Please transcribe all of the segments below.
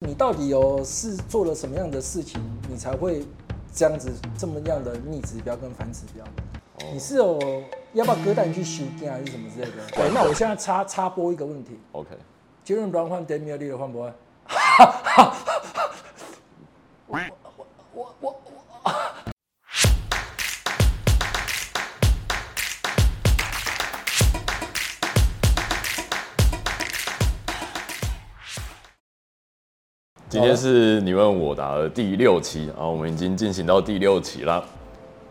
你到底有、哦、是做了什麼樣的事情，你才會這樣子這麼樣的逆指標跟反指標？Oh. 你是有要不要哥帶你去修劍還是什麼之類的？Okay. 對，那我現在插插播一個問題。OK ro, 換換。傑倫不讓換 Demi，你換不換？我我我我。我我我今天是你問我答的第六期啊，我們已經進行到第六期了。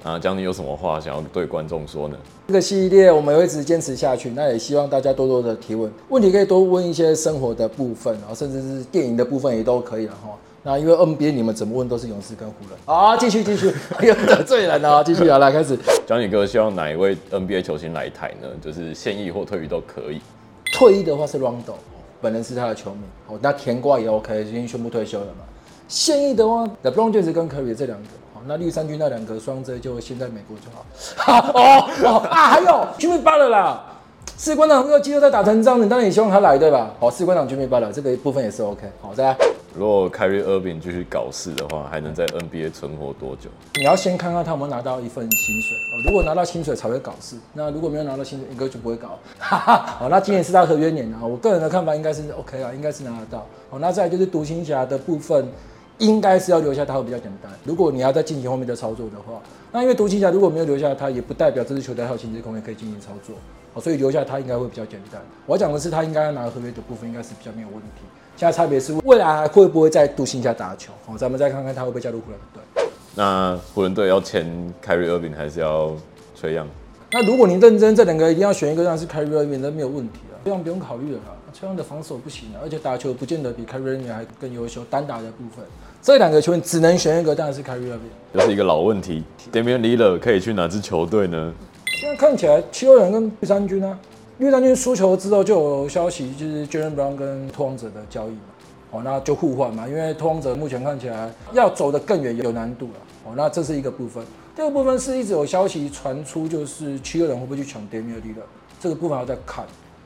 啊，Johnny 有什麼話想要對觀眾說呢？這個系列我們會一直堅持下去，那也希望大家多多的提問，問題可以多問一些生活的部分，然、啊、後甚至是電影的部分也都可以了、啊、哈。那、啊、因為 NBA 你們怎麼問都是勇士跟湖人。好、啊，繼續繼續，得罪人啊繼 續啊，來開始。Johnny 哥希望哪一位 NBA 球星來台呢？就是現役或退役都可以。退役的話是 Rondo。本人是他的球迷，好、哦，那甜瓜也 OK，已經宣布退休了嘛。現役的話，哇，勒布 n 就是跟科比這兩個，好、哦，那綠衫軍那兩個雙 Z 就現在美國就好。 啊哦，哦啊，還有 Jimmy Butler 啦，士官長又要季後賽打成這，你當然也希望他來對吧？好，士官長 Jimmy Butler 這個部分也是 OK，好，再來。如果 Kyrie Irving 繼續搞事的話，還能在 NBA 存活多久？你要先看看他有沒有拿到一份薪水，哦。如果拿到薪水才會搞事，那如果沒有拿到薪水，應、欸、該就不會搞。好哈哈，哦，那今年是他合約年啊，我個人的看法應該是 OK 啊，應該是拿得到。好，哦，那再來就是獨行俠的部分，應該是要留下他會比較簡單。如果你要再進行後面的操作的話，那因為獨行俠如果沒有留下他，它也不代表這支球隊還有薪資空間可以進行操作。所以留下他應該會比較簡單。我要講的是他應該要拿合約的部分應該是比較沒有問題。現在差別是未來還會不會在獨行俠打球？哦，咱們再看看他會不會加入湖人隊。那湖人隊要簽 Kyrie Irving 還是要崔楊？那如果你認真，這兩個一定要選一個，當然是 Kyrie Irving 沒有問題了、啊，崔楊不用考慮了。崔楊的防守不行、啊，而且打球不見得比 Kyrie Irving 還更優秀。單打的部分，這兩個球員只能選一個，當然是 Kyrie Irving。這是一個老問題，Damian Lillard 可以去哪支球隊呢？現在看起來七六人跟綠衫軍呢、啊，綠衫軍輸球之後就有消息，就是傑倫布朗跟拓荒者的交易嘛，哦，那就互換嘛，因為拓荒者目前看起來要走得更遠有難度了、啊，哦，那這是一個部分。第二部分是一直有消息傳出，就是七六人會不會去搶 Damian Lillard 的，這個部分要再看。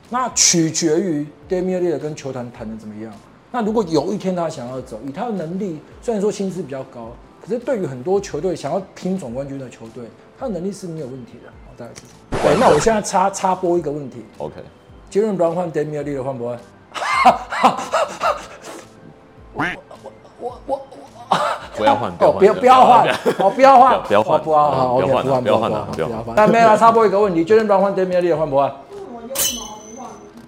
那取決於 Damian Lillard 跟球團談的怎麼樣。那如果有一天他想要走，以他的能力，雖然說薪資比較高，可是對於很多球隊想要拼總冠軍的球隊，他的能力是沒有問題的。對，那我現在插插播一個問題。OK。傑倫不讓換 Damian Lillard 換不換？我我我啊！不要換哦！不不不要換！哦，不要換！不要換！不要換！OK，不要換！不要換！不要換！那接下來插播一個問題：傑不要換 Damian Lillard 換不換？我有毛病。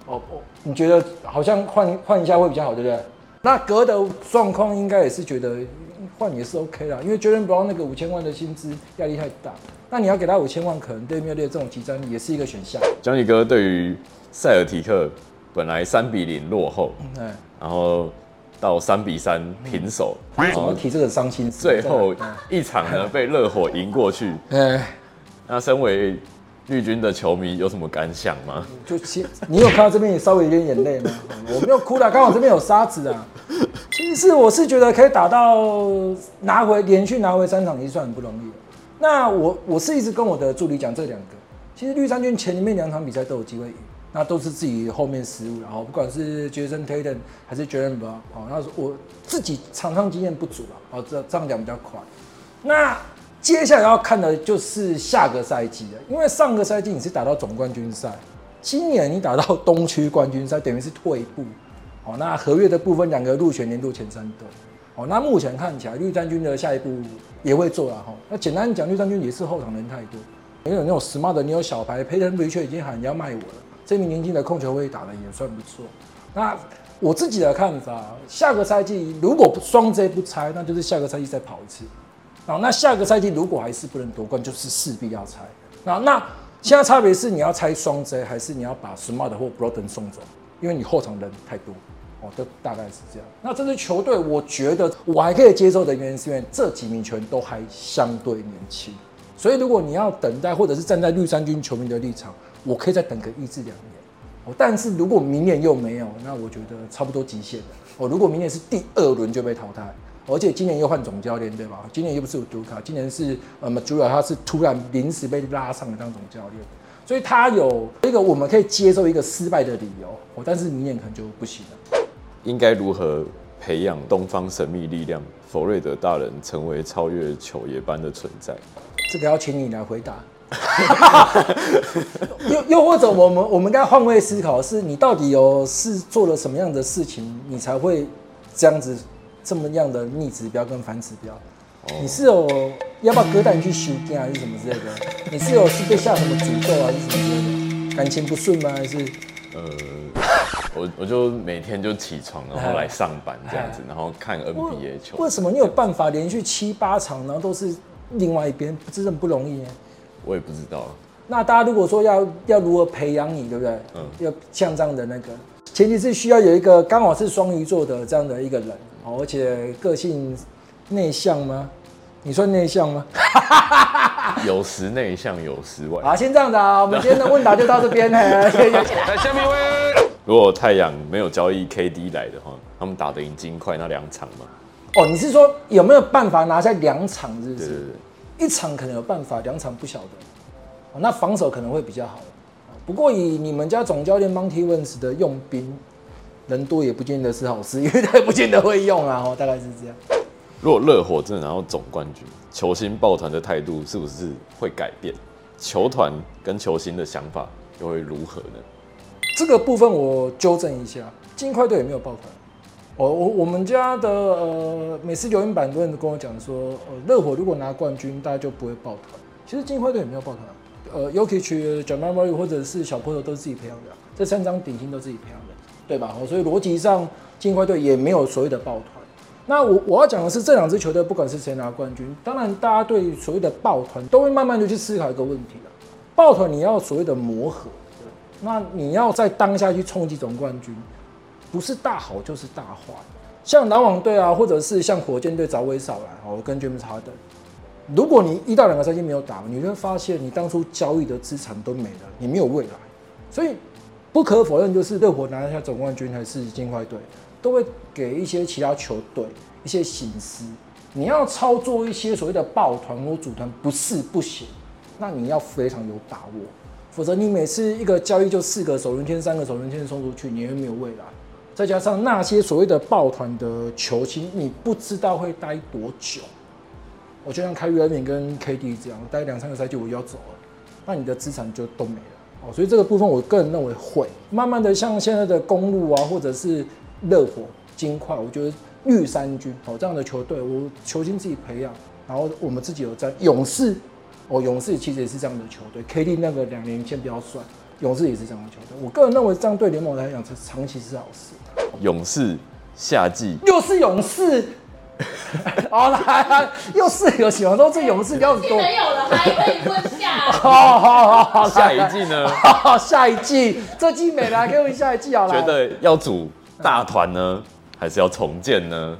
哦，你覺得好像換換一下會比較好，對不對？那格的狀況應該也是覺得。也是 OK 啦，因為 Jaylen Brown 那個五千萬的薪資壓力太大，那你要給他五千萬，可能對面列這種極端也是一個選項。Johnny 哥對於塞爾提克本來三比零落後，嗯，嗯然後到三比三平手，怎麼提這個傷心最後一場呢，被熱火贏過去，哎、嗯，那身為。綠軍的球迷有什麼感想嗎？就先，你有看到這邊有稍微有點眼淚嗎？我沒有哭啦，剛好這邊有沙子啊。其實是我是覺得可以打到拿回連續拿回三場，也算很不容易的。那我我是一直跟我的助理講這兩個，其實綠山軍前面兩場比賽都有機會贏，那都是自己後面失誤，然後不管是傑森·泰 n 還是傑倫·布朗，好，那是我自己場上經驗不足吧、啊，哦，這這樣講比較快。那。接下來要看的就是下個賽季了，因為上個賽季你是打到總冠軍賽，今年你打到東區冠軍賽，等於是退步。哦，那合約的部分兩個入選年度前三的。那目前看起來綠衫軍的下一步也會做了哈。那簡單講，綠衫軍也是後場人太多，沒有那種 smart，你有小白，Payton Pritchard 已經喊要賣我了。這名年輕的控球後衛打的也算不錯。那我自己的看法，下個賽季如果雙 J 不拆，那就是下個賽季再跑一次。哦，那下個賽季如果還是不能奪冠，就是勢必要拆。那那現在差別是你要拆雙 J，還是你要把 Smart 或 Brogdon 送走？因為你後場人太多。哦，都大概是這樣。那這支球隊，我覺得我還可以接受的原因是因為這幾名球員都還相對年輕。所以如果你要等待，或者是站在綠衫軍球迷的立場，我可以再等個一至兩年。哦，但是如果明年又沒有，那我覺得差不多極限了。哦，如果明年是第二輪就被淘汰。而且今年又換總教練，對吧？今年又不是有讀卡，今年是呃、嗯，主要他是突然臨時被拉上來當總教練，所以他有一個我們可以接受一個失敗的理由。但是明年可能就不行了。應該如何培養東方神秘力量？弗瑞德大人成為超越球爺般的存在？這個要請你來回答。 又又或者我們我們應該換位思考是，是你到底有是做了什麼樣的事情，你才會這樣子？這麼樣的逆指標跟反指標，哦、你是有要不要哥帶你去修電還是什麼之類的？你是有是被下什麼詛咒啊，啊，還是什麼？感情不順嗎？還是？呃，我我就每天就起床，然後來上班這樣子，唉然後看 NBA 球。為什麼你有辦法連續七八場，然後都是另外一邊，真的很不容易呢？我也不知道。那大家如果說要要如何培養你，對不對？嗯。要像這樣的那個，前提是需要有一個剛好是雙魚座的這樣的一個人。哦、而且個性內向嗎？你算內向嗎？ 有時內向，有時外。好、啊，先這樣子啊，我們今天的問答就到這邊呢。來，下面一位。 如果太陽沒有交易 KD 來的話，他們打得贏金塊那兩場嗎？哦，你是說有沒有辦法拿下兩場，是不是？對對對。一場可能有辦法，兩場不曉得、哦。那防守可能會比較好。不過以你們家總教練 Monty Williams 的用兵。人多也不見得是好事，因為他也不見得會用啊，大概是這樣。如果熱火真的拿到總冠軍，球星抱團的態度是不是會改變？球團跟球星的想法又會如何呢？這個部分我糾正一下，金塊隊也沒有抱團。哦，我我我們家的呃，每次留言板很多人都跟我講說，呃，熱火如果拿冠軍，大家就不會抱團。其實金塊隊也沒有抱團。對呃，Yokich、Jamal Murray 或者是小波特都自己培養的，對這三張頂薪都自己培養。對吧？所以邏輯上，金塊隊也沒有所謂的抱團。那我我要講的是，這兩支球隊，不管是誰拿冠軍，當然大家對所謂的抱團都會慢慢的去思考一個問題了，啊。抱團你要所謂的磨合，那你要在當下去衝擊總冠軍，不是大好就是大壞。像籃網隊啊，或者是像火箭隊找威少來，我跟詹姆斯哈登，如果你一到兩個賽季沒有打，你就會發現你當初交易的資產都沒了，你沒有未來，所以。不可否認，就是熱火拿下總冠軍，還是金塊隊，都會給一些其他球隊一些警示。你要操作一些所謂的抱團或組團，不是不行，那你要非常有把握，否則你每次一個交易就四個首輪簽，三個首輪簽送出去，你也沒有未來。再加上那些所謂的抱團的球星，你不知道會待多久。我就像 Kyrie 跟 KD 這樣，待兩三個賽季我就要走了，那你的資產就都沒了。哦，所以這個部分，我個人認為會慢慢的，像現在的公鹿啊，或者是熱火、金塊，我覺得綠衫軍哦、喔、這樣的球隊，我球星自己培養，然後我們自己有在勇士，哦、喔，勇士其實也是這樣的球隊，KD 那個兩年先不要算，勇士也是這樣的球隊，我個人認為這樣對聯盟來講，長期是好事。好，勇士夏季又是勇士。好啦， oh, right, right. 又是有喜歡說這勇士比較多。季沒有了，還可以蹲下。好、哦，好，好，下一季呢？ 下一季，這季沒了，給我下一季好了。覺得要組大團呢，嗯、還是要重建呢？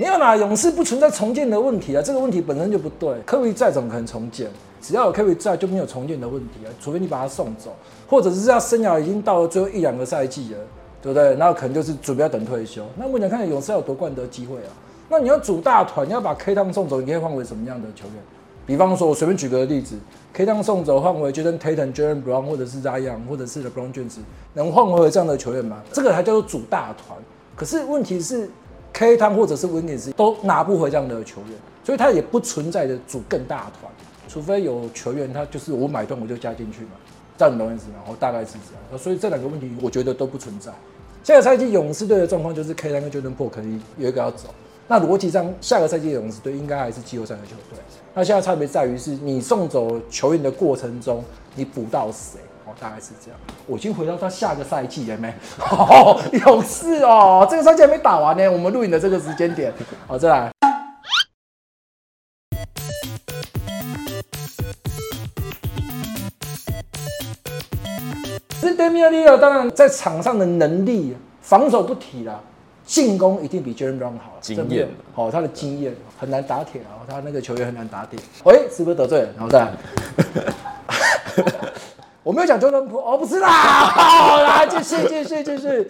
沒有啦，勇士不存在重建的問題啊，這個問題本身就不對。Curry 在怎麼可能重建？只要有 Curry 在，就沒有重建的問題啊，除非你把他送走，或者是他生涯已經到了最後一兩個賽季了，對不對？那可能就是準備要等退休。那我想看勇士要有奪冠的機會啊。那你要組大團，你要把 K 湯送走，你可以換回什麼樣的球員？比方說我隨便舉個例子、mm hmm.，K 湯送走換回 Jayson Tatum、Jaylen Brown，或者是 Zion 或者是 LeBron James 能換回這樣的球員嗎？這個才叫做組大團。可是問題是，K 湯或者是 Wiggins 都拿不回這樣的球員，所以他也不存在的組更大團。除非有球員，他就是我買斷我就加進去嘛，這樣的東西是，然後大概是這樣。所以這兩個問題，我覺得都不存在。下個賽季勇士隊的狀況就是 K 湯跟 Jordan Poole 肯定有一個要走。那邏輯上，下個賽季的勇士隊應該還是季後賽的球隊。那現在差別在於是，你送走球員的過程中，你補到誰？哦，大概是這樣。我已經回到他下個賽季了沒？勇士哦，哦、這個賽季還沒打完呢。我們錄影的這個時間點，好，再來。這 Damian Lillard，當然在場上的能力，防守不提啦。進攻一定比 Jaylen Brown 好，經驗哦，他的經驗很難打鐵哦，他那個球員很難打鐵。誒、欸，是不是得罪了？然後再來， 我沒有講 Jaylen Brown 哦，不是啦，好了，繼續繼續繼續。